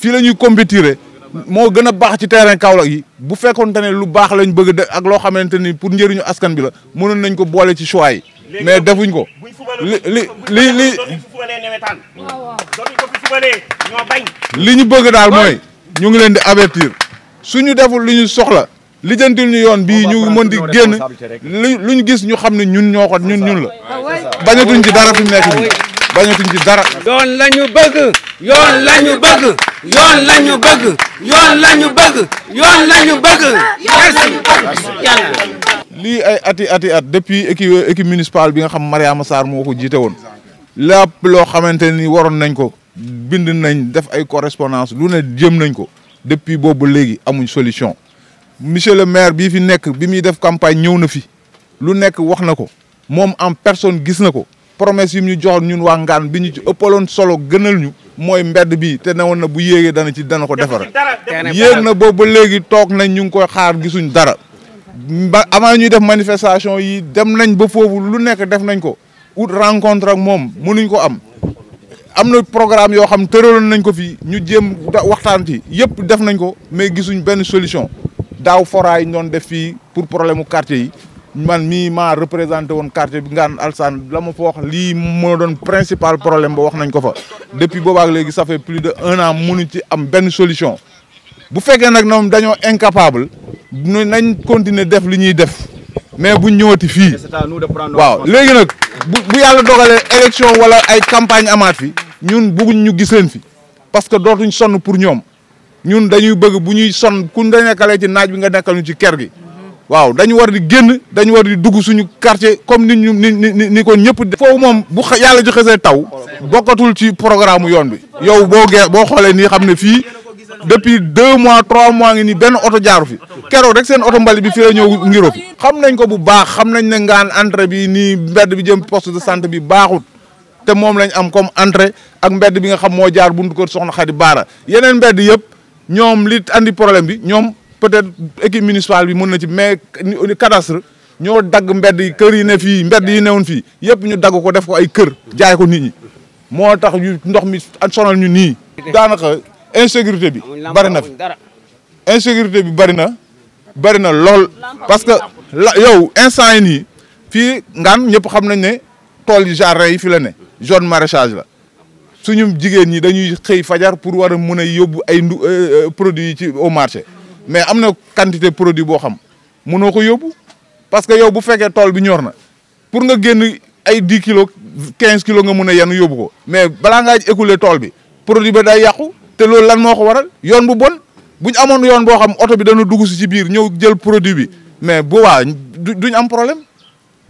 fii la ñuy compétir moo gën a baax ci terrain Kaolack yi bu fekkoonte ne lu baax lañ bëgg de ak loo xamante ni pour njëriñu askan bi la mënoon nañ ko boole ci choix yi. mais defuñ ko. li li li li li ñu bëgg daal mooy ñu ngi leen di avertir suñu deful li ñu soxla lijjantil ñu yoon bii ñu mën di génn lu ñu gis ñu xam ne ñun ñoo ko ñun ñun la. bañatuñ ci dara fi nekk nii. bañatuñ ci dara. yoon lañu bëgg. yoon bëgg. yoon bëgg. yoon bëgg. yoon depuis équipe équipe municipale bi nga xam Mariama sar moo ko jité woon lépp loo nañ ko bind correspondance lu ne depuis amuñ solution monsieur le maire bi fi nekk bi def campagne ñëw na fi lu nekk en personne gis promesse yi ñu joxoon ñun waa Ngane bi ñu ëppaloon solo gënal ñu mooy mbedd bi te newoon na bu yéegee dana ci dana ko defar yéeg na boobu ba léegi toog nañ ñu ngi koy xaar gisuñ dara ba avant ñuy def manifestation yi dem nañ ba foofu lu nekk def nañ ko ut rencontre ak moom mënuñ ko am am na programme yoo xam tëraloon nañ ko fii ñu jéem waxtaan yi yëpp def nañ ko mais gisuñ benn solution daaw foraay ñu doon def fii pour problème u quartier yi man mi maa représenté woon quartier bi ngaan alsaan la ma fa wax lii moo doon principal problème ba wax nañ ko fa depuis boobaak léegi ça fait plus de un an nu ci am benn solution bu fekkee nag ñoom dañoo incapable nañ continuer def lu ñuy def mais bu ñëwati fii waaw léegi nag bu bu yàlla dogalee élection wala ay campagne amaat fi ñun bëgguñ ñu gis leen fi parce que dootuñ sonn pour ñoom ñun dañuy bëgg bu ñuy sonn ku nga nekkalee ci naaj bi nga nekkal ñu ci ker gi waaw dañu war di génn dañu war di dugg suñu quartier comme ni ñu ni ni ni ko ñëpp. foofu moom bu xa yàlla ji xasee taw bokkatul ci programme mu yoon bi yow boo gee boo xoolee nii xam ne fii depuis deux mois trois mois ngi nii benn oto jaaru fi keroog rek seen oto mbali bi fii la ñëw ngiro fi. xam nañ ko bu baax xam nañ ne ngaan entrée bi nii mbedd bi jëm poste de santé bi baaxut. te moom lañ am comme entrée ak mbedd bi nga xam moo jaar buntu kër soxna Xadi Baara yeneen mbedd yëpp ñoom li andi problème bi ñoom. peut-être équipe municipale bi mun na ci mais cadastre ñoo dagg mbedd yi kër yi ne fii mbedd yi newoon fii yëpp ñu dagg ko def ko ay kër jaay ko nit ñi moo tax ñu ndox mi sonal ñu nii. daanaka insécurité bi bari na fi insécurité bi bari na bari na lool parce que la yow instant yi nii fii ngaan ñëpp xam nañ ne tool yi jardin yi fi la ne zone maraîchage la suñu jigéen ñi dañuy xëy fajar pour war a mën a yóbbu ay euh, euh, produit yi ci au marché. mais amna quantité produit bo xam mënoo ko yóbbu parce que yow bu féké tol bi ñor na pour nga génn ay 10 kilo, 15 kilo nga mëna a yenn yóbbu ko mais bala nga écoulé tol bi produit ba day yaqku té lool lan moko waral yoon bu bon buñ amone yoon bo xam auto bi dana dugg si ci biir ñew jël produit bi mais bu wa duñ am problème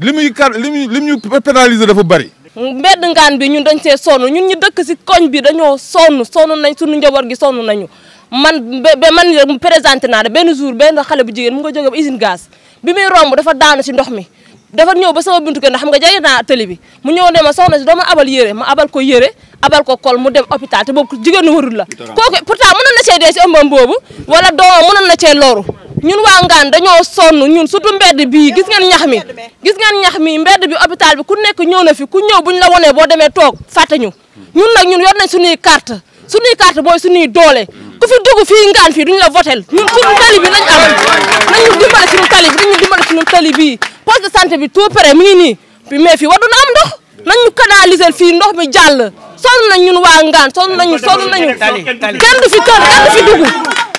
limuy limuy limuy pénaliser dafa bari mbedd ngaan bi ñun dañ ci sonu ñun ñi dëkk ci koñ bi dañoo sonu sonu nañ suñu njabar gi sonu nañu. man ba man présenté naa la benn jour benn xale bu jigéen mu nga jóge ba usine gaz romb dafa daanu si ndox mi dafa ñëw ba sama buntu kër ndax xam nga jege naa tëli bi mu ñëw ne ma soxna si doo ma abal yére ma abal ko yere abal ko kol mu dem hôpital te boobu jigéen ñi warul la kooku pourtant mënoon na cee dee si ëmbam boobu wala doomam mënoon na cee looru ñun waa Ngane dañoo sonn ñun surtout mbedd bii gis ngeen ñax mi gis ngeen ñax mi mbedd bi hôpital bi ku nekk ñëw na fi ku ñëw buñ la wonee boo demee toog fàtte ñu ñun nag ñun yor nañ suñuy carte suñuy carte mooy suñuy doole fi dugg fii ngaan fii duñ la votel ñun suñu tali bi lañ am nañu dimbale bi nañu dimbale suñu tali bii poste de santé bi tout près mi ngi nii bi mais fii war duna am ndox nañu canaliser fii ndox mi jàll sonn nañ ñun waa ngaan sonn nañu sonn nañu kenn du fi du fi dugg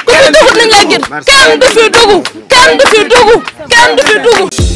ku du fi dugg kenn du fi dugg kenn du fi dugg